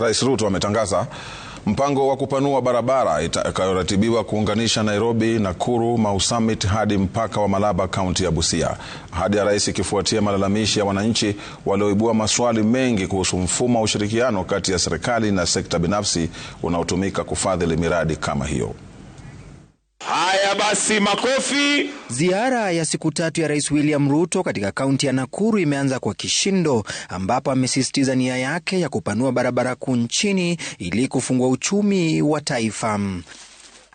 Rais Ruto ametangaza mpango wa kupanua barabara itakayoratibiwa kuunganisha Nairobi, Nakuru, Mau Summit hadi mpaka wa Malaba, kaunti ya Busia. Ahadi ya rais ikifuatia malalamishi ya wananchi walioibua maswali mengi kuhusu mfumo wa ushirikiano kati ya serikali na sekta binafsi unaotumika kufadhili miradi kama hiyo. Haya basi, makofi. Ziara ya siku tatu ya Rais William Ruto katika kaunti ya Nakuru imeanza kwa kishindo, ambapo amesisitiza nia yake ya kupanua barabara kuu nchini ili kufungua uchumi wa taifa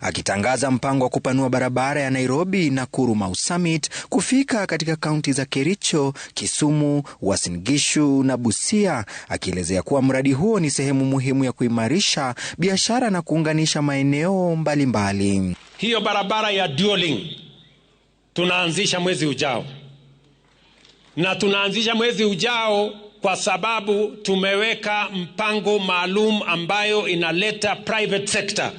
akitangaza mpango wa kupanua barabara ya Nairobi Nakuru Mau Summit kufika katika kaunti za Kericho, Kisumu, Uasin Gishu na Busia, akielezea kuwa mradi huo ni sehemu muhimu ya kuimarisha biashara na kuunganisha maeneo mbalimbali mbali. Hiyo barabara ya dualing tunaanzisha mwezi ujao, na tunaanzisha mwezi ujao kwa sababu tumeweka mpango maalum ambayo inaleta private sector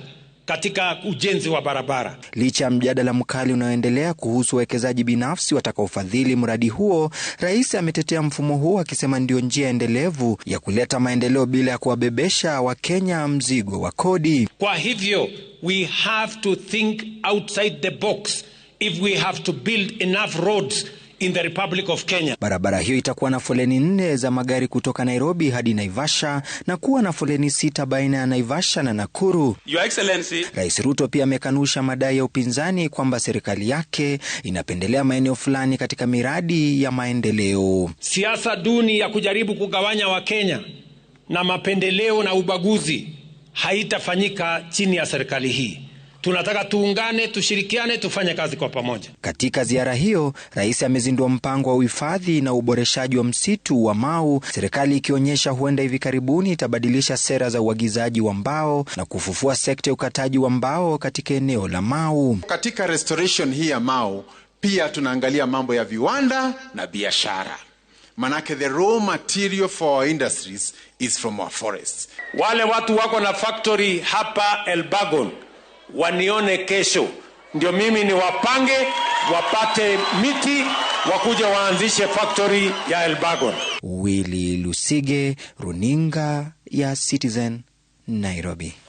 katika ujenzi wa barabara. Licha ya mjadala mkali unaoendelea kuhusu wawekezaji binafsi watakaofadhili mradi huo, rais ametetea mfumo huo akisema ndio njia endelevu ya kuleta maendeleo bila ya kuwabebesha Wakenya mzigo wa kodi. Kwa hivyo we have to think outside the box if we have to build enough roads in the Republic of Kenya. Barabara hiyo itakuwa na foleni nne za magari kutoka Nairobi hadi Naivasha na kuwa na foleni sita baina ya Naivasha na Nakuru. Your Excellency. Rais Ruto pia amekanusha madai ya upinzani kwamba serikali yake inapendelea maeneo fulani katika miradi ya maendeleo. Siasa duni ya kujaribu kugawanya Wakenya na mapendeleo na ubaguzi haitafanyika chini ya serikali hii tunataka tuungane, tushirikiane, tufanye kazi kwa pamoja. Katika ziara hiyo, rais amezindua mpango wa uhifadhi na uboreshaji wa msitu wa Mau, serikali ikionyesha huenda hivi karibuni itabadilisha sera za uagizaji wa mbao na kufufua sekta ya ukataji wa mbao katika eneo la Mau. Katika restoration hii ya Mau pia tunaangalia mambo ya viwanda na biashara, manake the raw material for our industries is from our forests. Wale watu wako na factory hapa Elbagon wanione kesho, ndio mimi ni wapange wapate miti wakuja waanzishe factory ya Elbagon. wili Lusige, runinga ya Citizen, Nairobi.